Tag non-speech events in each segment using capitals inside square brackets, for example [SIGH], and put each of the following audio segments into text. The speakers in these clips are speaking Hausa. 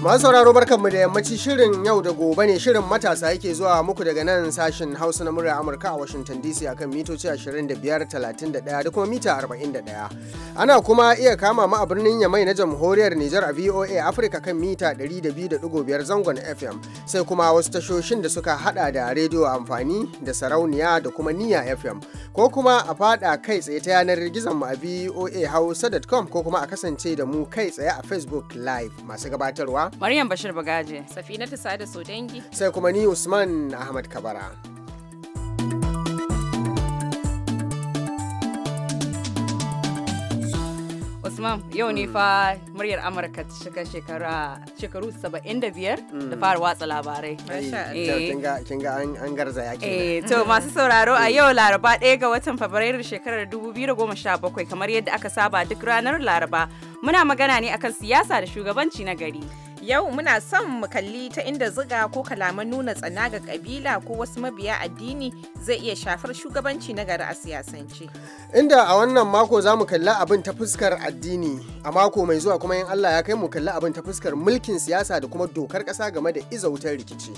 Masu sauraro barkanmu da yammaci shirin yau da gobe ne shirin matasa yake zuwa muku daga nan sashen Hausa na murya Amurka a Washington DC akan mitoci 25, 31 da kuma mita 41. Ana kuma iya kama mu a birnin Yamai na Jamhuriyar Nijar a VOA Africa kan mita 102.5 zangon FM sai kuma wasu tashoshin da suka hada da rediyo amfani da sarauniya da kuma niya FM ko kuma a fada kai tsaye ta yanar gizon mu a voahausa.com ko kuma a kasance da mu kai tsaye a Facebook Live masu gabatarwa Maryam Bashir Bagaje Safinatu Sada Sodangi sai kuma ni Usman Ahmad Kabara Usman yau ne fa muryar Amurka cika shekara shekaru 75 da fara mm. watsa labarai. Eh, kin ga an garzaya ke. Eh to masu sauraro a mm. yau Laraba ɗaya ga watan Fabrairu shekarar 2017 kamar yadda aka saba duk ranar Laraba muna magana ne akan siyasa da shugabanci na gari. Yau muna son mu kalli ta inda ziga ko kalaman nuna tsana ga kabila ko wasu mabiya addini zai iya shafar shugabanci na gari a siyasance. Inda a wannan mako za mu kalli abin ta fuskar addini, a mako mai zuwa kuma yin Allah ya kai mu kalli abin ta fuskar mulkin siyasa da kuma dokar ƙasa game da izautar rikici.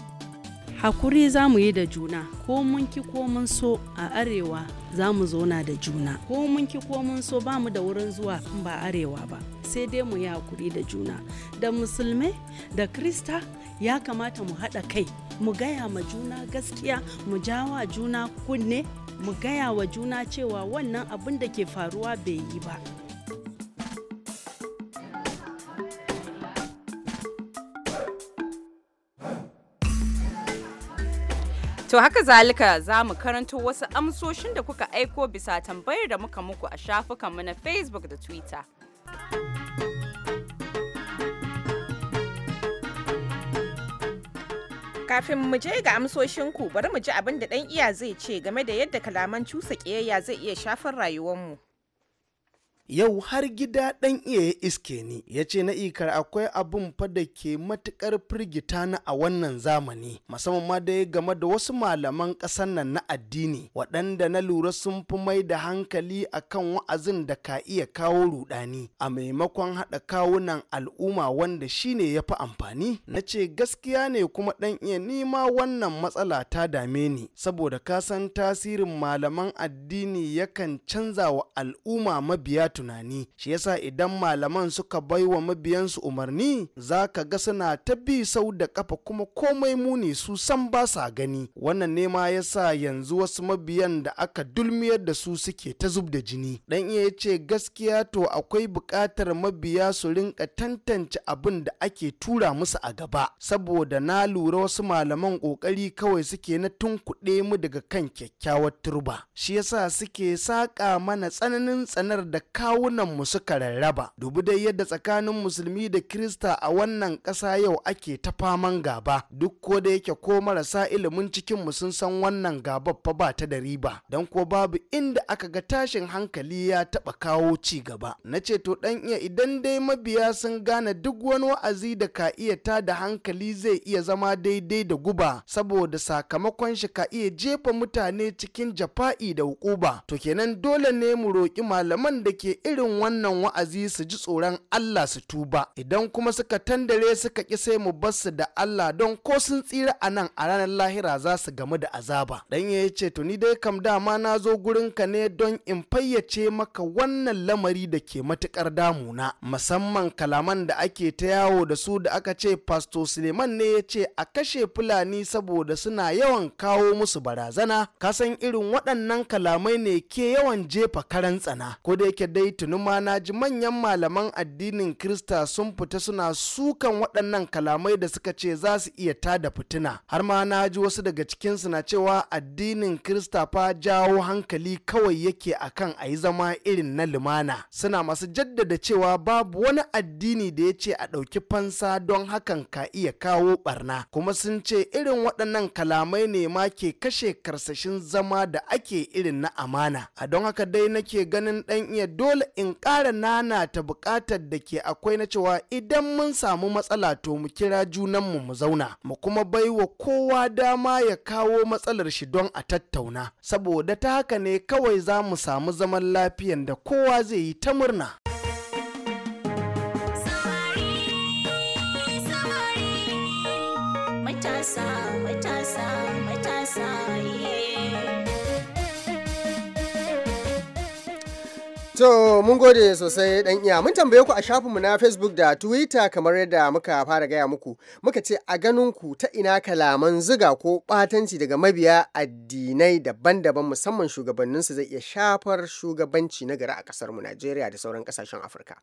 hakuri za mu yi da juna ko mun ki ko mun so a arewa za mu zauna da juna ko mun ki ko mun so ba mu da wurin zuwa ba arewa ba sai dai mu yi hakuri da juna da musulmai da krista ya kamata mu haɗa kai mu gaya ma juna gaskiya mu jawa juna kunne mu gaya wa juna cewa wannan abin da ke faruwa bai yi ba To haka zalika za mu karanto wasu amsoshin da kuka aiko bisa tambayar da muka muku a shafukanmu na Facebook da Twitter. Kafin mu je ga amsoshinku bari mu ji abin da ɗan iya zai ce game da yadda kalaman cusa ƙiyayya zai iya shafar rayuwarmu. yau har gida ɗan iya ya iske ni ya ce na ikar akwai abin fa da ke matuƙar firgita na a wannan zamani musamman ma da ya game da wasu malaman ƙasar nan na addini waɗanda na lura sun fi mai da hankali akan wa'azin da ka iya kawo rudani a maimakon haɗa kawunan al'umma wanda shine ya fi amfani na ce gaskiya ne kuma ɗan iya nima wannan matsala ta dame ni saboda ka san tasirin malaman addini yakan canza wa al'umma mabiya tunani shi yasa idan malaman suka bai wa mabiyansu umarni za ka ga suna ta bi sau da kafa kuma komai muni su san ba sa gani wannan nema yasa yanzu wasu mabiyan da aka dulmiyar da su suke ta zub da jini dan iya ce gaskiya to akwai buƙatar mabiya su rinka tantance abin da ake tura musu a gaba saboda na lura wasu malaman ƙoƙari kawai suke na tunkuɗe mu daga kan kyakkyawar turba shi yasa suke saƙa mana tsananin tsanar da kawunan mu suka rarraba dubu dai yadda tsakanin musulmi da kirista a wannan ƙasa yau ake ta faman gaba duk ko da yake ko marasa ilimin cikin mu sun san wannan gabar fa ba ta da riba don ko babu inda aka ga tashin hankali ya taba kawo ci gaba na ce to dan iya idan dai mabiya sun gane duk wani wa'azi da ka iya ta da hankali zai iya zama daidai da guba saboda sakamakon shi ka iya jefa mutane cikin jafa'i da hukuba to kenan dole ne mu roki malaman da ke ke irin wannan wa'azi su ji tsoron Allah su tuba idan kuma suka tandare suka ƙi sai mu basu da Allah don ko sun tsira a nan a ranar lahira za su gamu da azaba dan ya ce to ni dai kam dama na zo gurin ne don in fayyace maka wannan lamari da ke matukar damuna musamman kalaman da ake ta yawo da su da aka ce pasto Suleiman ne ya ce a kashe fulani saboda suna yawan kawo musu barazana kasan irin waɗannan kalamai ne ke yawan jefa karan tsana ko da yake dai tuni ma na ji manyan malaman addinin krista sun fita suna sukan waɗannan kalamai da suka ce za su iya da fitina har ma na ji wasu daga cikinsu na cewa addinin krista fa jawo hankali kawai yake akan a yi zama irin na lumana suna masu jaddada cewa babu wani addini da ya ce a ɗauki fansa don hakan ka iya kawo barna kuma sun ce irin waɗannan kalamai ne ma ke kashe karsashin zama da ake irin na amana a don haka dai nake ganin ɗan iya dole dole in ƙara nana ta buƙatar da ke akwai na cewa idan mun samu matsala to mu kira junanmu mu zauna mu kuma bai wa kowa dama ya kawo matsalar shi don a tattauna saboda ta haka ne kawai za mu samu zaman lafiyan da kowa zai yi ta murna To mun gode sosai dan iya mun tambaye ku a shafinmu na Facebook da Twitter kamar yadda muka fara gaya muku muka ce a ganin ku ta ina kalaman zuga ko batanci daga mabiya addinai daban-daban musamman shugabannin su zai iya shafar shugabanci na gari a kasar mu Najeriya da sauran kasashen Afirka.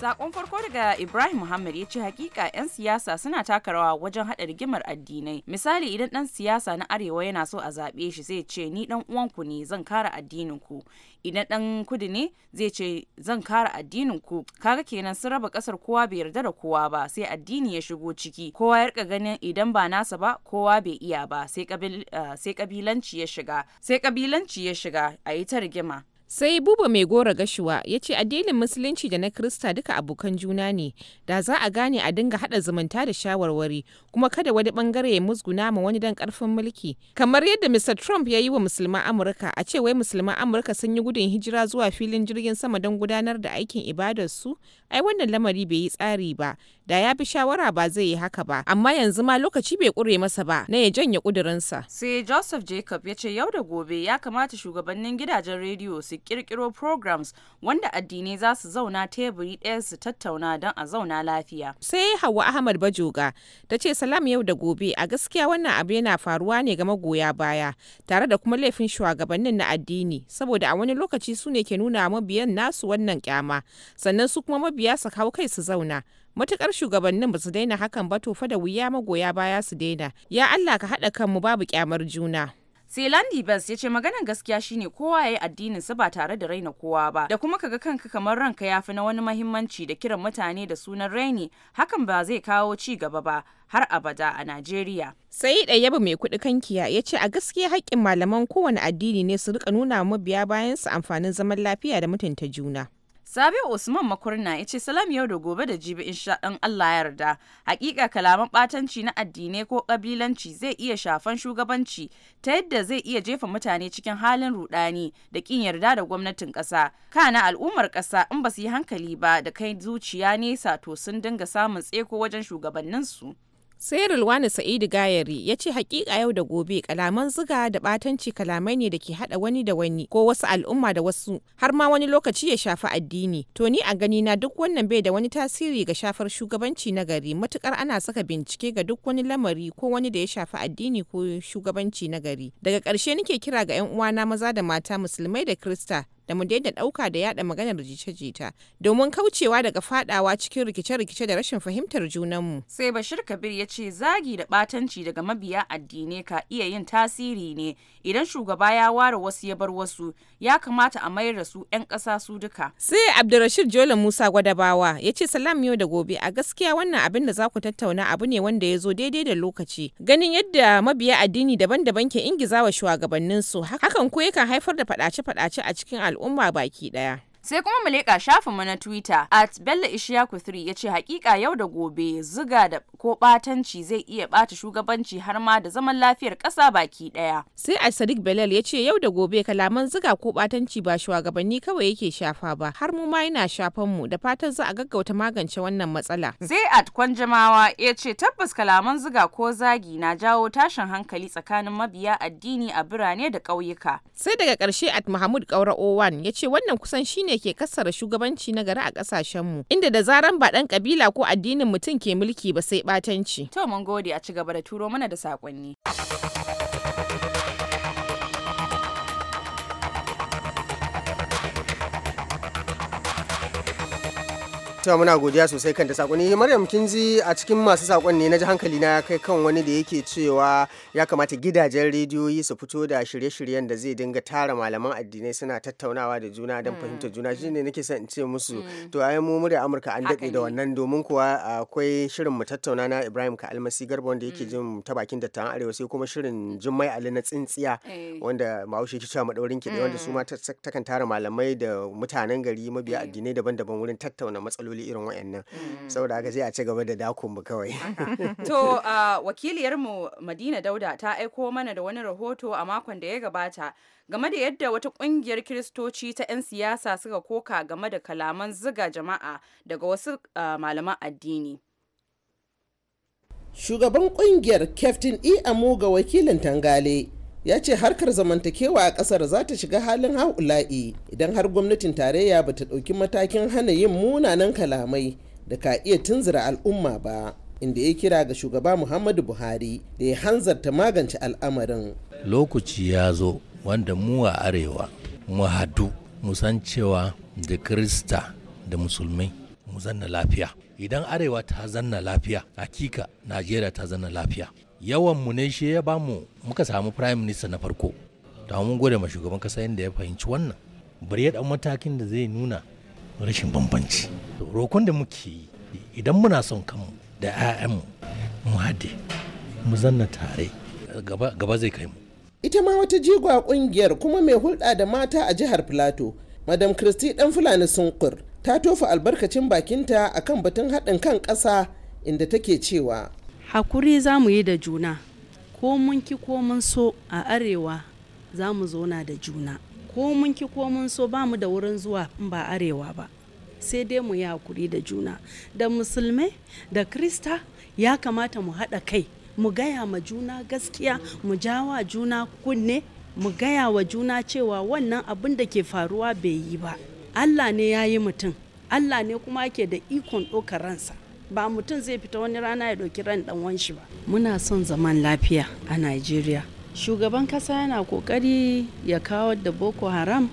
Sakon farko daga Ibrahim Muhammad ya ce hakika 'yan siyasa suna taka rawa wajen haɗa rigimar addinai. Misali idan ɗan siyasa na Arewa yana so a zaɓe shi zai ce ni dan uwanku ne zan kare addinin ku. Idan ɗan kudu ne zai ce zan kare addinin ku. Kaga kenan sun raba ƙasar kowa bai yarda da kowa ba sai addini ya shigo ciki. Kowa ya rika ganin idan ba nasa ba kowa bai iya ba sai kabilanci eh, ya shiga. Sai kabilanci ya shiga a yi ta rigima. sai buba mai gora gashuwa ya ce addinin musulunci da na krista duka abokan juna ne da za a gane a dinga hada zumunta da shawarwari kuma kada wani bangare ya musguna ma wani dan karfin mulki kamar yadda mr trump ya yi wa musulman amurka a ce wai musulman amurka sun yi gudun hijira zuwa filin jirgin sama don gudanar da aikin su ai wannan lamari bai yi tsari ba da ya fi shawara ba zai yi haka ba amma yanzu ma lokaci bai kure masa ba na ya janye kudurinsa sai joseph jacob ya ce yau da gobe ya kamata shugabannin gidajen rediyo su kirkiro programs wanda addinai za su zauna teburi ɗaya su tattauna don a zauna lafiya. Sai Hauwa Ahmad Bajoga ta ce salam yau da gobe a gaskiya wannan abu yana faruwa ne ga magoya baya tare da kuma laifin shugabannin na addini saboda a wani lokaci su ne ke nuna mabiyan nasu wannan kyama sannan su kuma mabiya su hau kai su zauna. matukar shugabannin ba su daina hakan ba to fa da wuya magoya baya su daina ya Allah ka haɗa kanmu babu kyamar juna Selandi bes ya ce maganan gaskiya shine kowa ya yi addinin sa ba tare da raina kowa ba da kuma kaga kanka kamar ranka ya fi na wani mahimmanci da kiran mutane da sunan raini hakan ba zai kawo ci gaba ba har abada a Najeriya. Sai da yaba mai kuɗi kankiya ya ce a gaskiya haƙƙin malaman kowane addini ne su rika nuna mabiya bayan su amfanin zaman lafiya da mutunta juna. Sabi Usman Makurna ya ce salam yau da gobe da jibi insha in Allah yarda. Hakika kalaman batanci na addinai ko kabilanci zai iya shafan shugabanci ta yadda zai iya jefa mutane cikin halin rudani da kin yarda da gwamnatin kasa. Kana al'ummar ƙasa in ba su yi hankali ba da kai zuciya nesa to sun dinga samun tseko wajen shugabanninsu. sai Rulwani Sa'idu Gayari ya ce hakika yau da gobe kalaman zuga da batanci kalamai ne da ke hada wani da wani ko wasu al'umma da wasu har ma wani lokaci ya shafi addini to ni a gani na duk wannan bai da wani tasiri ga shafar shugabanci na gari matukar ana saka bincike ga duk wani lamari ko wani da ya shafi addini ko shugabanci na gari daga ƙarshe nake kira ga 'yan uwana maza da mata musulmai da kirista. da mu daina ɗauka da yaɗa maganar jita-jita domin kaucewa daga faɗawa cikin rikice-rikice da rashin fahimtar junanmu. Sai Bashir Kabir ya ce zagi da ɓatanci daga mabiya addinai ka iya yin tasiri ne idan shugaba ya ware wasu ya bar wasu ya kamata a mayar da su 'yan ƙasa su duka. Sai Abdulrashid Jola Musa Gwadabawa ya ce salam yau da gobe a gaskiya wannan abin da za ku tattauna abu ne wanda ya zo daidai da lokaci ganin yadda mabiya addini daban-daban ke ingizawa shugabanninsu hakan ko yakan haifar da faɗace-faɗace a cikin al'umma. al'umma baki ɗaya. Sai kuma mu leƙa mu na Twitter at Bello 3 ya ce hakika yau da gobe ziga da ko batanci zai iya bata shugabanci har ma da zaman lafiyar ƙasa baki ɗaya. Sai a Sadiq Belal ya ce yau da gobe kalaman ziga ko batanci ba shugabanni kawai yake shafa ba har mu ma yana shafan mu da fatan za a gaggauta magance wannan matsala. Sai at Kwanjamawa ya ce tabbas kalaman ziga ko zagi na jawo tashin hankali tsakanin mabiya addini a birane da ƙauyuka. Sai daga ƙarshe at Mahmud Kaura Owan ya ce wannan kusan shine ke kassara shugabanci na gari a kasashenmu inda da zaran ba ɗan kabila ko addinin mutum ke mulki ba sai ɓatanci. To mun gode a ci gaba da turo mana da saƙonni. to muna godiya sosai kan da sakonni maryam kin ji a cikin masu sakon ne na ji hankali na ya kai kan wani da yake cewa ya kamata gidajen rediyoyi su fito da shirye-shiryen da zai dinga tara malaman addinai suna tattaunawa da juna don mm. fahimtar juna shi ne nake son in ce musu mm. to ai mu murya amurka an daɗe da wannan domin kuwa akwai shirin mu tattauna na ibrahim ka almasi garba wanda yake mm. jin ta bakin dattawan arewa sai kuma shirin jummai ali na tsintsiya eh. wanda mahaushe ke cewa maɗaurin ki wanda su ma takan tara malamai da mutanen gari mabiya addinai daban-daban wurin tattauna matsaloli matsaloli irin wa'annan mm. saboda haka sai a ci gaba da dakon mu kawai to [LAUGHS] uh, mu madina dauda ta aiko mana da wani rahoto a makon da ya gabata game da yadda wata kungiyar kiristoci ta 'yan siyasa suka koka game da kalaman ziga jama'a daga wasu uh, malaman addini shugaban kungiyar captain e amuga ga wakilin tangale ya ce harkar zamantakewa a kasar za ta shiga halin haula'i idan har gwamnatin tarayya ba ta ɗauki matakin hana yin munanan kalamai da ka iya tunzura al'umma ba inda ya kira ga shugaba muhammadu buhari da ya hanzarta magance al'amarin lokaci ya zo wanda mu a arewa mu hadu mu san cewa da krista da musulmai mu zanna lafiya idan arewa ta zanna lafiya hakika najeriya ta zanna lafiya yawan mu ne shi ya ba mu muka samu prime minister na farko ta mun gode ma shugaban kasa yadda ya fahimci wannan bari ya dan matakin da zai nuna rashin bambanci rokon da muke yi idan muna son kanmu da 'ya'yanmu mu hade mu zanna tare gaba zai kai mu ita ma wata jigwa kungiyar kuma mai hulɗa da mata a jihar plato madam kristi dan fulani sunkur ta tofa albarkacin bakinta akan batun haɗin kan ƙasa inda take cewa hakuri za mu yi da juna ko mun ki ko mun so a arewa za mu zauna da juna ko mun ki ko mun so ba mu da wurin zuwa in ba arewa ba sai dai mu yi hakuri da juna da musulmai da krista ya kamata mu haɗa kai mu gaya ma juna gaskiya mu jawa juna kunne mu gaya wa juna cewa wannan abin da ke faruwa bai yi ba allah ne ya yi mutum allah ne kuma ke da ikon ɗaukar ransa ba mutum zai fita wani rana ya ɗauki ran wan wanshi ba muna son zaman lafiya a najeriya shugaban kasa yana kokari ya kawo da boko haram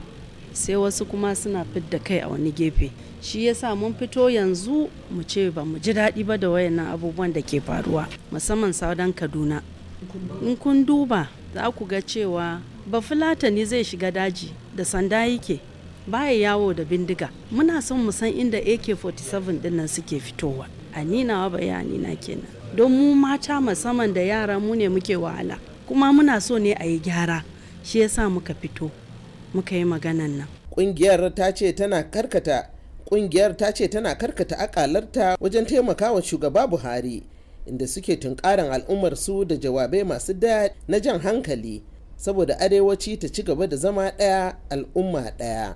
sai wasu kuma suna fidda kai a wani gefe shi yasa mun fito yanzu mu ce ba mu ji daɗi ba da wayannan abubuwan da ke faruwa musamman saudan kaduna in kun duba za ku ga cewa ba fulatani zai shiga daji da sanda yake baya yawo da bindiga muna son mu san inda ak-47 dinnan suke fitowa a wa bayani na kenan don mu mata musamman da yara mu ne muke wahala kuma muna so ne a yi gyara shi yasa muka fito muka yi maganan nan kungiyar ta ce tana karkata kungiyar ta ce tana karkata akalarta wajen taimakawa shugaba buhari inda suke tunkarin al'ummar su da jawabai masu da na jan hankali saboda arewaci ta ci gaba da zama ɗaya al'umma ɗaya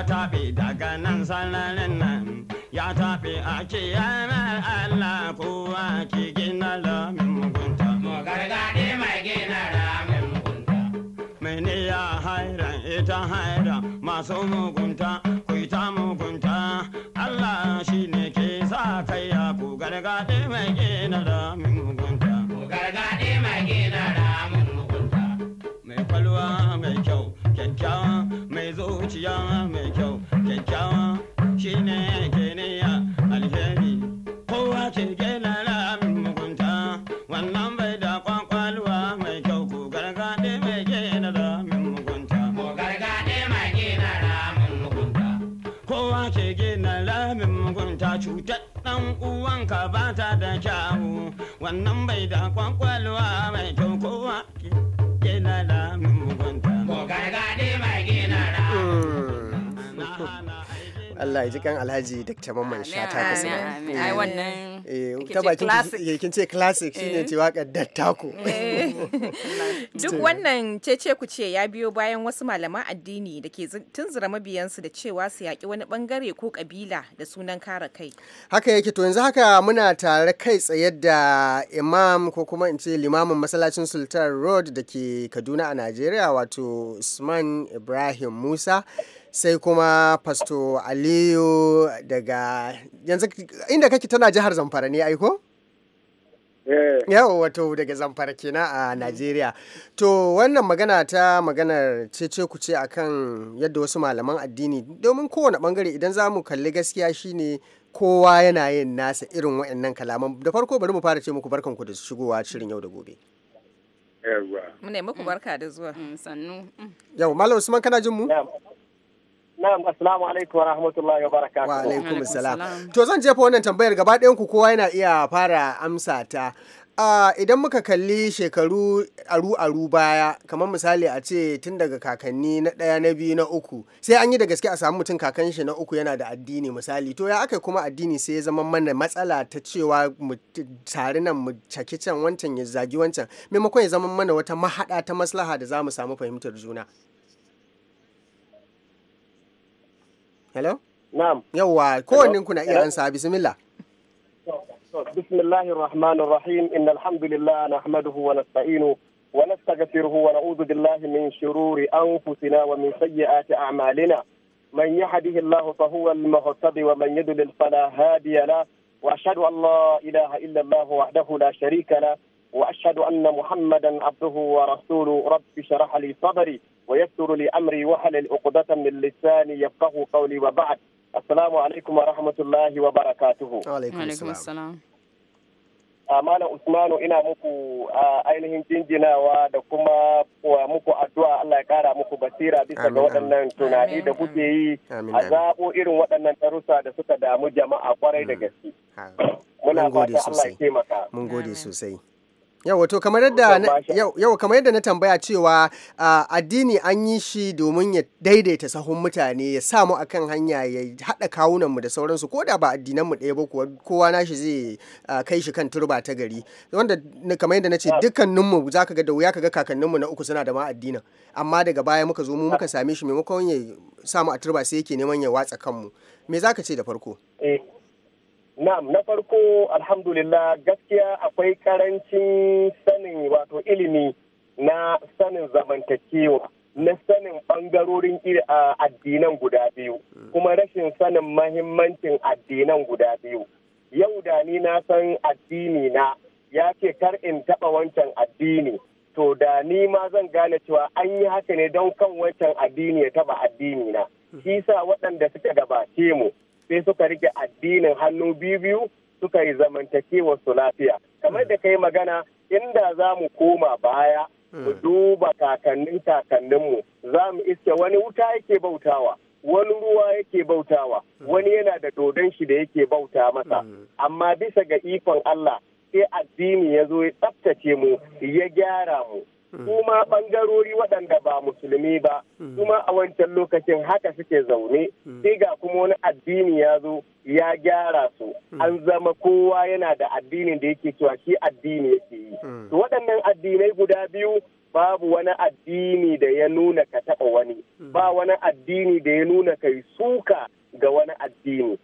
ya taɓe daga nan sanarin nan ya taɓe a ce yanar Allah kowa ke gina lamin mugunta. Gargaɗe mai gina lamin mugunta. Mene ya haira ita haira masu mugunta ku ta mugunta Allah shi ne ke sa kai ya ku gargaɗe mai gina lamin mugunta. mo gargaɗe mai gina lamin mugunta. Mai kwalwa mai kyau kyakkyawa mai zuciya mai kyau kyakkyawa shine ke niyya alheri kowa ke gina lamin mugunta wannan bai da kwakwalwa mai kyau ko gargaɗe mai gina lamin mugunta ko gargaɗe mai gina lamin mugunta kowa ke gina lamin mugunta cutar dan uwanka ba ta da kyawu wannan bai da kwakwalwa mai kyau kowa ke gina lamin mugunta I got my Allah ya ji kan Alhaji ta Mamman Shata ta kasu Amin. Ai eh, wannan eh, ta bakin kin ce classic shine eh. ce dattako. [LAUGHS] Duk wannan cece ku ce ya biyo bayan wasu malaman addini da ke tunzura mabiyansu da cewa su yaƙi wani bangare ko kabila da sunan kare kai. Haka yake to yanzu haka muna tare kai tsaye da imam ko kuma in ce limamin masallacin Sultan Road da ke Kaduna a Najeriya wato Usman Ibrahim Musa. sai kuma Pasto Aliyu daga yanzu inda kake tana jihar Zamfara ne aiko? Eh. yawa wato daga zamfara kenan a najeriya to wannan magana ta maganar cece ku ce akan yadda wasu malaman addini domin kowane bangare idan za mu kalli gaskiya shine kowa yana yin nasa irin wa'annan kalaman da farko bari mu fara ce muku ku da shigowa shirin yau da gobe yawa muna muku mm. barka da zuwa mm, sannu mm. yawa malam usman kana jin mu Na'am, assalamu alaikum wa rahmatullahi wa barakatuh. Wa alaikum To zan jefa wannan tambayar gaba ɗayan ku kowa yana iya fara amsa ta. Uh, idan muka kalli shekaru aru-aru baya kamar misali a ce tun daga kakanni na ɗaya na biyu na uku sai an yi da gaske a samu mutum kakan shi na uku yana da addini misali to ya aka kuma addini sai ya zama mana matsala ta cewa mu tare nan mu caki can wancan ya zagi wancan maimakon ya zama mana wata mahaɗa ta maslaha da za mu samu fahimtar juna hello na'am yawa kowannen kuna iya ansa bismillah بسم الله الرحمن الرحيم إن الحمد لله نحمده ونستعينه ونستغفره ونعوذ بالله من شرور أنفسنا ومن سيئات أعمالنا من يهده الله فهو المهتد ومن يضلل فلا هادي له وأشهد أن لا إله إلا الله وحده لا شريك له وأشهد أن محمدا عبده ورسوله رب اشرح لي صدري ويسر لي أمري وحلل عقدة من لساني يفقه قولي وبعد السلام عليكم ورحمة الله وبركاته وعليكم السلام, السلام. Malam Usmanu ina muku ainihin jinjinawa da kuma muku addu'a Allah ya kara muku basira bisa ga waɗannan tunani da kuke yi a zaɓo irin waɗannan tarusa da suka damu jama'a kwarai da gaske. Muna fata Allah ya taimaka. Mun gode sosai. yawa kamar yadda yawa kamar yadda na tambaya cewa addini an yi shi domin ya daidaita sahun mutane ya sa mu akan hanya ya haɗa kawunan mu da sauransu ko da ba addinan mu ɗaya ba kuwa kowa nashi zai kai shi kan turba ta gari wanda kamar yadda na ce dukkanin mu ka ga da wuya kaga kakannin mu na uku suna da ma addinan amma daga baya muka zo mu muka same shi maimakon ya samu a turba sai yake neman ya watsa kanmu me zaka ce da farko eh Na'am, na farko alhamdulillah gaskiya akwai karancin sanin wato ilimi na sanin zamantakewa na sanin bangarorin addinan guda biyu kuma rashin sanin mahimmancin addinan guda biyu. Yau da ni na san addini na ya ce kar in taɓa wancan addini to da ni ma zan gane cewa an yi haka ne don kan wancan addini ya taɓa addini na. Shi sa waɗanda suka gabace mu sai suka rike addinin hannu biyu biyu suka yi zamantakewar su lafiya kamar da kai magana inda za mu koma baya mu hmm. duba kakannin kakanninmu za mu iske wani wuta yake bautawa wani ruwa yake bautawa hmm. wani yana da dodon shi da yake bauta masa hmm. amma bisa ga ikon Allah sai addini ya zo ya tsaftace mu ya gyara mu kuma bangarori waɗanda ba musulmi ba hmm. kuma a wancan lokacin haka suke zaune hmm. sai ga kuma wani addini ya zo ya gyara su hmm. an zama kowa yana da addinin da yake cewa shi addini yake yi to waɗannan addinai guda biyu babu wani addini da ya nuna ka taɓa wani ba wani addini da ya nuna kai suka ga wani addini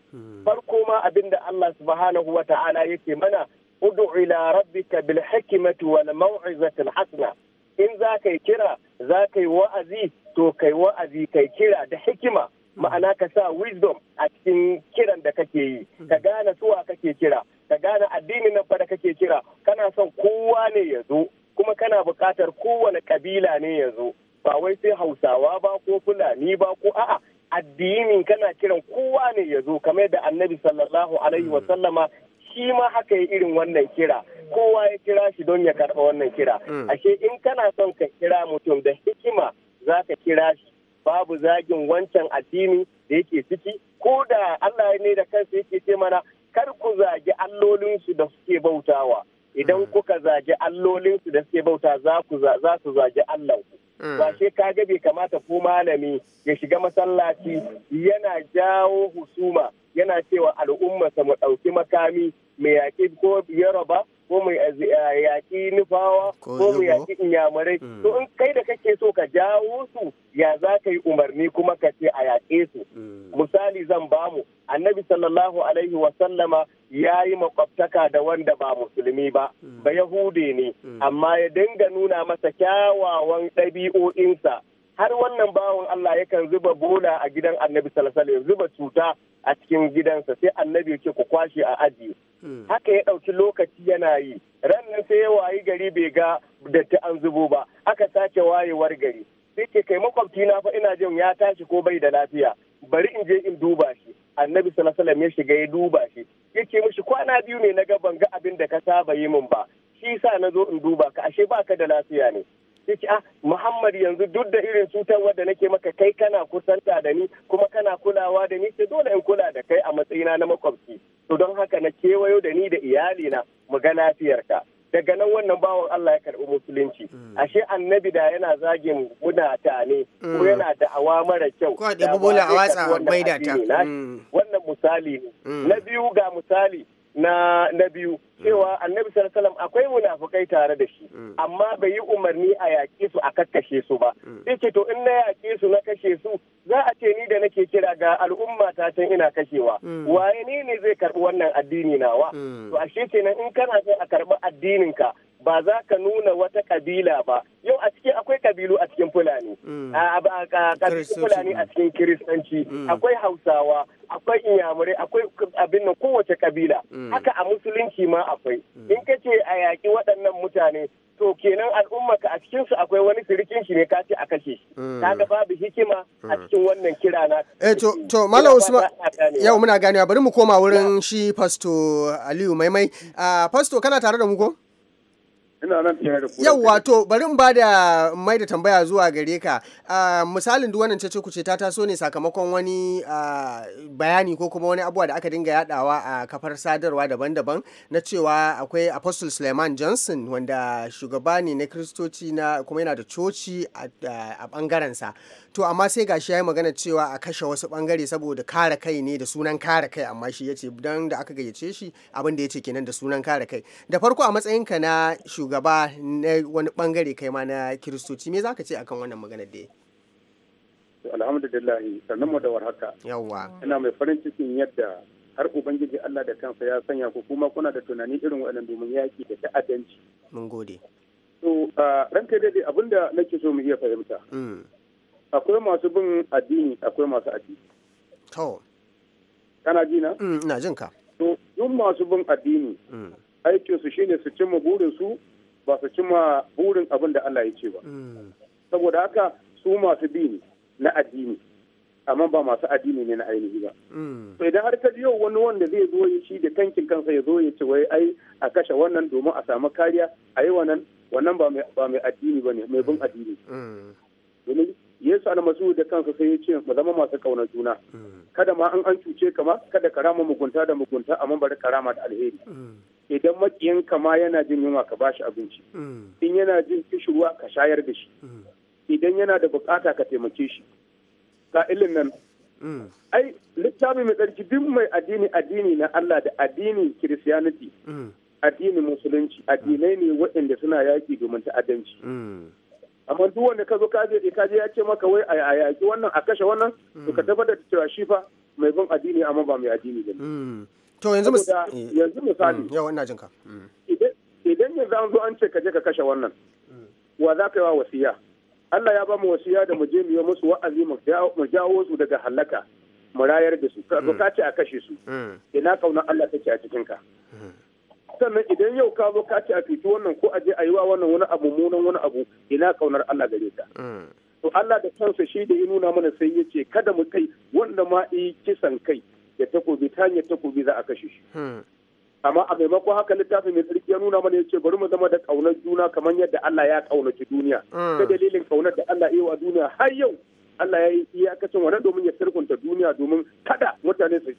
farko ma abin da Allah subhanahu wa ta'ala yake mana ud'u ila rabbika bil hikmati wal maw'izati al hasana in za ka yi kira za ka yi wa'azi to kai wa'azi kai kira da hikima ma'ana ka sa wisdom a cikin kiran da kake yi ka gane suwa kake kira ka gane addinin nan fa kake kira kana son kowa ne ya zo kuma kana buƙatar kowane kabila ne ya zo ba wai sai hausawa ba ko fulani ba ko a'a addinin kana kiran kowa ne ya zo kamar da annabi sallallahu alaihi wa mm. sallama shi ma haka yi irin wannan kira kowa ya kira shi don ya karɓa wannan kira mm. ashe in kana son ka kira mutum da hikima za ka kira shi babu zagin wancan addini da yake ciki ko da Allah ne da kansa yake ce mana kar ku zagi allolinsu da suke bautawa idan mm. kuka zagi allolinsu da suke bauta za ku za su zagi Allahnku mm. ba shi kaga bai kamata ku malami ya shiga masallaci yana jawo husuma yana cewa al'ummarsa mu ɗauki makami mu yaƙi ko yaraba ko mai eh, yaƙi nufawa ko mai yaƙi inyamurai hmm. to in kai da kake so ka jawo su ya za ka yi umarni kuma ka ce a yaƙe su hmm. misali zan bamu annabi sallallahu alaihi wasallama ya yi makwabtaka da wanda ba musulmi ba hmm. ba yahude ne amma ya dinga nuna masa kyawawan ɗabi'o'insa har wannan bawan Allah yakan zuba bola a gidan annabi salasala ya zuba cuta a cikin gidansa sai annabi ya ce ku kwashe a ajiye hmm. haka ya ɗauki lokaci yana yi rannan sai ya wayi gari bai ga datti an zubo ba aka sake wayewar gari sai ke kai makwabci na fa ina jin ya tashi ko bai da lafiya bari in je in duba shi annabi Salasalam ya shiga ya duba shi yake mishi kwana biyu ne na ga ban ga abin da ka saba yi min ba shi sa na zo in duba ka ashe baka da lafiya ne sai ah, Muhammad yanzu duk da irin cutar da nake maka kai kana kusanta da ni kuma kana kulawa da ni sai dole in kula da kai a matsayina na makwabci to don haka na kewayo da ni da iyalina mu ga lafiyarka daga nan wannan bawan Allah ya karɓi musulunci mm. ashe annabi da yana zagin muna ne? ko mm. yana da awa mara kyau ko da bola a watsa bai da ta mm. wannan misali ne na biyu ga misali na na biyu cewa annabi sallallahu akwai munafukai tare da shi mm. amma bai yi umarni a yaƙi su a kakkashe su ba yake mm. to in na yaƙi su na kashe su za a ce ni da nake kira ga al'umma ta can ina kashewa mm. waye ni ne zai karbi wannan addini nawa to ashe kenan in kana son a karbi addinin ka ba za ka nuna wata kabila ba yau a cikin akwai kabilu a cikin fulani fulani a cikin kiristanci akwai hausawa akwai inyamurai akwai abin nan kowace kabila haka a musulunci ma akwai in ka ce a yaƙi waɗannan mutane to kenan al'ummarka a cikinsu akwai wani sirikin shi ne ka ce a kashe shi mm. ga babu hikima a mm. cikin wannan kira na eh to to malam usman yau muna ganewa bari mu koma wurin shi pasto aliyu maimai ah, pasto kana tare da mu ko ina nan tare da ku Yau wato bari in ba da mai da tambaya zuwa gare ka ah, misalin duk wannan cece kuce ta taso ne sakamakon wani ah, bayani ko kuma wani abuwa da aka dinga yadawa a kafar sadarwa daban-daban na cewa akwai apostle suleiman johnson wanda shugaba ne na kristoci na kuma yana da coci a bangaren sa to amma sai gashi ya yi magana cewa a kashe wasu bangare saboda kare kai ne da sunan kare kai amma shi ya ce don da aka gayyace shi abin da ya ce kenan da sunan kare kai da farko a matsayin ka na shugaba na wani bangare kai ma na kiristoci me zaka ce akan wannan maganar da alhamdulillah sannan mu da warhaka yawa ina mai farin cikin yadda har ubangiji Allah da kansa ya sanya ku kuma kuna da tunani irin waɗannan domin yaki da ta'addanci mun gode to ranka dai abinda nake so mu iya fahimta mm. akwai masu bin addini akwai masu addini to kana ji na mm, na jin ka to duk masu bin addini mm. aikinsu su shine su cimma burin su ba su cimma burin abin da Allah ya ce ba mm. saboda haka su masu bi ne na addini amma ba masu addini ne na ainihi ba to idan har ka yau wani wanda zai zo ya shi da kankin kansa ya zo ya ce wai ai a kashe wannan domin a samu kariya a yi wannan wannan ba mai addini ba ne mai bin addini yesu almasihu da kansa sai ya ce mu zama masu kauna juna mm. kada ma an an cuce ka ma kada ka rama mugunta da mugunta amma bari ka rama da alheri mm. idan makiyin ka ma yana jin yunwa ka bashi abinci mm. in yana jin kishirwa ka shayar da shi idan yana da bukata ka taimake shi ka ilin nan ai littafi mai tsarki duk mai addini addini na Allah da addini christianity. addinin musulunci addinai ne waɗanda suna yaki domin ta'addanci amma duk wanda ka zo kaje je ya ce maka wai a yaki wannan a kashe wannan to ka hmm. tabbatar da cewa shi fa mai bin addini amma ba mai addini ba hmm. to yanzu eh. yanzu misali hmm. jin ka idan yanzu an zo an ce ka je ka kashe wannan wa za ka yi wa wasiya Allah ya ba mu wasiya da mu je mu yi musu wa'azi mu jawo su daga halaka mu rayar da su ka ce a kashe su ina kauna Allah take a cikin ka sannan idan yau ka zo ka ce a fiti wannan ko a je a yi wa wannan wani abu munan wani abu ina kaunar Allah gare ta to Allah da kansa shi da ya nuna mana sai ya ce kada mu kai wanda ma yi kisan kai ya takobi ta hanyar takobi za a kashe shi amma a maimakon haka littafin mai tsarki ya nuna mana ya ce bari mu zama da kaunar juna kamar yadda Allah ya kaunaci duniya ta mm. dalilin kaunar da Allah ya yi wa duniya har yau Allah ya yi iyakacin wannan domin ya sirkunta duniya domin kada mutane su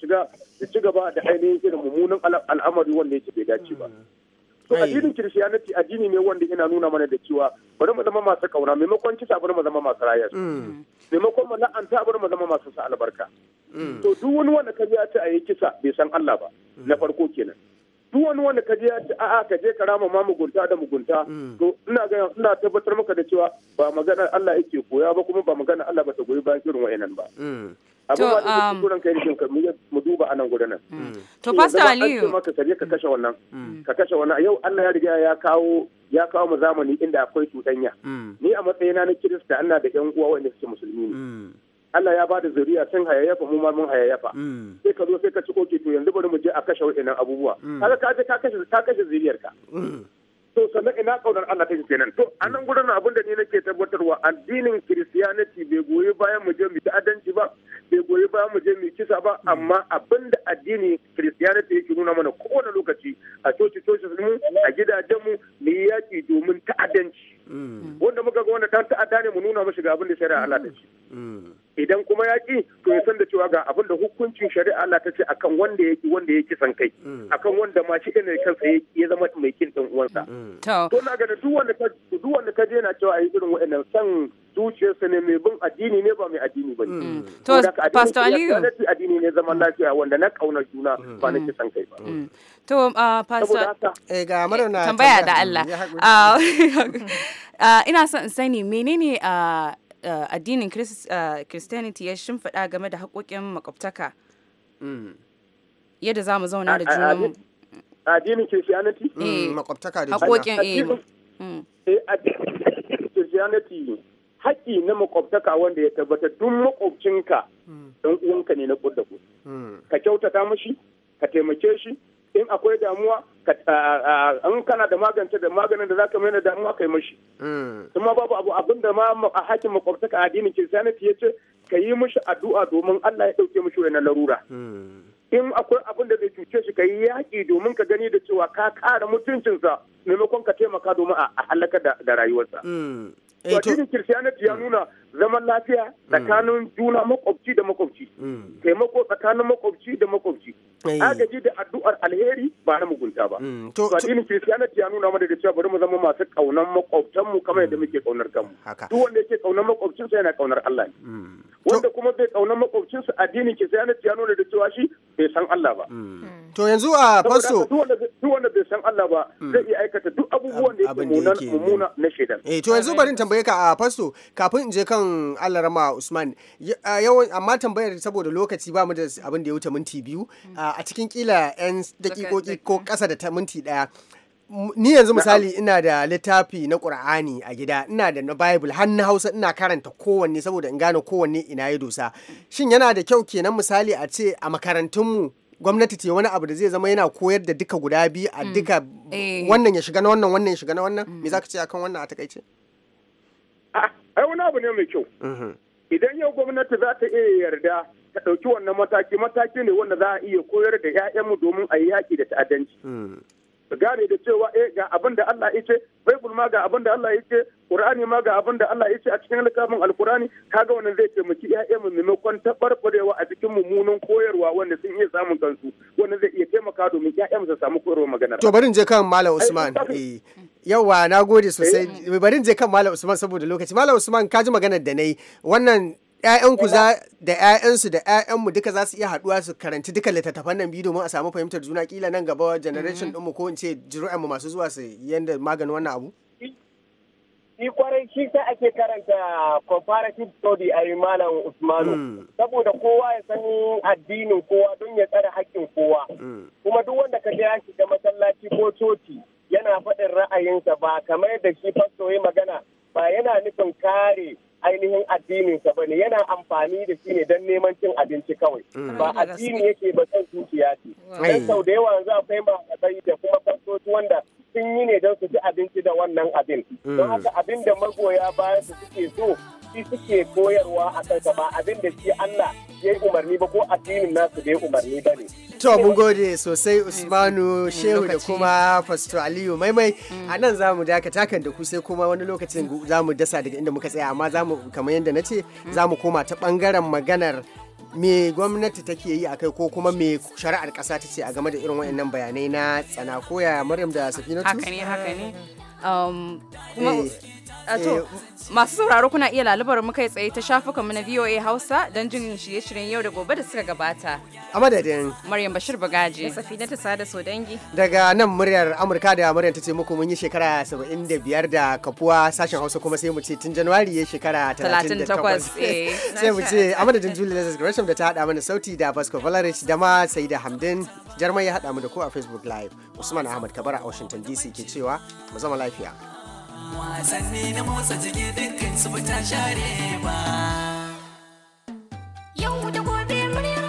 shiga su ci gaba da ainihin irin mummunan al'amari wanda yake bai dace ba. To addinin Kiristiyaniti addini ne wanda yana nuna mana da cewa bari mu zama masu kauna maimakon kisa bari mu zama masu rayar. Mm. Maimakon mu la'anta bari mu zama masu sa albarka. Mm. To duk wani wanda ka biya a yi kisa bai san Allah ba mm. na farko kenan. duk wani wanda ka je ya a'a ka je ka rama ma mugunta da mugunta mm. to ina ga ina tabbatar maka da cewa ba magana Allah yake koya ba kuma ba magana Allah ba ta goyi bayan irin wa'annan ba mm. to um kai ne mu duba anan gudanar mm. to pastor Aliyu maka ka ka kashe wannan ka kashe wannan yau Allah ya riga ya kawo ya kawo mu zamani inda akwai cuɗanya ni a matsayina na Kirista ana da ƴan uwa wanda suke musulmi ne Allah ya bada zuriya sun hayayyafa mu ma mun hayayyafa mm. sai ka zo sai ka ci koke to yanzu bari mu je a kashe wa'annan abubuwa mm. kaga ka je ka kashe ka kashe zuriyar ka mm. to sannan ina kaunar Allah ta take kenan to a nan gurin abin da ni nake tabbatarwa addinin kiristiyaniti bai goyi bayan mu je mu ta'addanci ba bai goyi bayan mu je mu kisa ba amma abin da addini kiristiyaniti yake nuna mana kowane lokaci a coci coci mu a gidajen mu mu yi yaki domin ta'addanci wanda muka ga wanda ta ta'adda ne mu nuna mashi ga abin da shari'a Allah ta ce idan kuma ya ki to ya san da cewa ga abin da hukuncin shari'a Allah ta ce akan wanda ya ki wanda ya kisan kai hmm. akan wanda ma shi ne kansa ya zama mai kin dan uwansa hmm. to na ga duk wanda ka duk wanda ka je na cewa ayi irin wa'annan san zuciyarsa ne mai bin addini ne ba mai addini ba hmm. to pastor Aliyu addini ne zaman lafiya wanda na kaunar juna ba na kisan kai ba to uh, pastor eh ga marana tambaya da Allah uh, [LAUGHS] uh, ina son sani menene Eh, addinin eh, christianity ya shimfiɗa game da haƙoƙin makwabtaka yadda za mu zauna da mu. addinin christianity eh, mm, makwabtaka da haƙoƙin mm. christianity haƙƙi na makwabtaka wanda ya tabbata duk makwabcinka dan mm. uwanka ne na ƙudda ku ka kyautata mashi ka taimake shi in akwai damuwa in kana da magance da maganin da zaka mai damuwa kai mashi mm. kuma babu abu abin da ma a hakin ka addinin kiristaniti ya ce ka yi mishi addu'a domin Allah ya dauke mishi wani larura mm. in akwai abin da zai cuce shi ka yi yaƙi domin ka gani da cewa ka kara mutuncinsa maimakon ka taimaka domin a halaka da rayuwarsa. Mm. Eh, addinin kiristaniti ya nuna zaman lafiya mm. tsakanin juna makwabci da makwabci mm. taimako tsakanin makwabci da makwabci agaji da addu'ar alheri ba na mugunta ba mm. to addinin kiristiyaniti ya nuna mana da cewa bari mu zama masu kaunan mu kamar yadda muke kaunar kanmu duk wanda yake kaunar sa yana kaunar Allah ne wanda kuma bai kaunar sa addinin kiristiyaniti ya nuna da cewa shi bai san Allah ba to yanzu uh, a faso duk wanda bai san Allah ba zai iya aikata duk abubuwan da yake mummuna na shaidan eh to yanzu bari tambaye ka a uh, faso kafin in je kan kan Allah rama usman yawan amma tambayar saboda lokaci ba mu da abin da ya wuce minti biyu mm. a cikin kila 'yan dakikoki ko kasa da ta minti daya ni yanzu misali ina da littafi na ƙur'ani a gida ina da na bible har na hausa ina karanta kowanne saboda in gane kowanne ina ya dosa shin yana da kyau kenan misali a ce a makarantunmu gwamnati ce wani abu da zai zama yana koyar da duka guda biyu a mm. duka eh. wannan ya shiga na wannan wannan ya shiga na wannan me mm. zaka ce akan wannan a takaice ah, ai wani abu ne mai kyau mm-hmm. idan yau gwamnati za ta iya yarda ta ɗauki wannan mataki mataki ne wanda za a iya koyar da 'ya'yanmu domin a yi yaƙi da ta'addanci mm. su gane da cewa eh ga abin da Allah ya ce Bible ma ga abin da Allah ya ce Qur'ani ma ga abin da Allah ya ce a cikin littafin Alkur'ani kaga wannan zai taimaki ƴaƴanmu maimakon tabarbarewa a cikin mummunan koyarwa wanda sun iya samun kansu wannan zai iya taimaka domin ƴaƴanmu su samu koyarwa magana to barin je kan Malam Usman eh, yawa nagode sosai eh. barin je kan Malam Usman saboda lokaci Malam Usman ka ji maganar da nayi wannan 'ya'yanku za da 'ya'yansu da 'ya'yanmu duka za su iya haɗuwa su karanci duka littattafan nan biyu domin a samu fahimtar juna kila nan gaba generation mm-hmm. ɗinmu ko in ce mu masu zuwa su yanda maganin wannan abu? Shi kwarai shi sai ake karanta comparative study a malam Usmanu mm. saboda kowa ya sani addinin kowa don ya tsare haƙƙin kowa mm. kuma duk wanda ka ya shiga masallaci ko coci yana faɗin ra'ayinsa ba kamar da shi fasto magana ba yana nufin kare ainihin addininsa ba ne yana amfani da shi ne don neman cin abinci kawai mm. ba addini yake ba kan zuciya ce dan sau da yawa yanzu akwai kai da kuma fasoci wanda sun yi ne don su ci abinci da wannan abin mm. don haka abin da magoya bayan su suke so shi suke koyarwa a kansa ba abin da shi Allah ya umarni ba ko addinin nasu bai umarni ba ne. To mun gode sosai Usmanu Shehu da kuma Fasto Aliyu maimai a nan za mu dakata kan da ku sai kuma wani lokacin za mu dasa daga inda muka tsaya amma za mu kamar yadda na ce za mu koma ta bangaren maganar me gwamnati take yi a kai ko kuma me shari'ar ƙasa ta ce a game da irin waɗannan bayanai na tsana koya Maryam da Safinatu? Haka ne haka ne. Um, to eh, masu sauraro kuna iya lalubar mu kai tsaye ta shafukan mu na VOA Hausa don jin shirye-shiryen yau da gobe da suka gabata. A madadin Maryam Bashir Bagaji. Da Safina ta sada so dangi. Daga nan muryar Amurka da Maryam ta ce muku mun yi shekara 75 da kafuwa sashen Hausa kuma sai mu ce tun Januwari ya shekara 38. [LAUGHS] Eh, sai mu ce a madadin Julie Lazarus Gresham da ta haɗa mana sauti da Vasco Valerich da ma da Hamdin Jarmai ya haɗa mu da ku a Facebook Live. Usman Ahmad Kabara a Washington DC ke cewa mu zama lafiya. wasanni na motsa jiki dukkan su ba ta share ba yau da gobe murya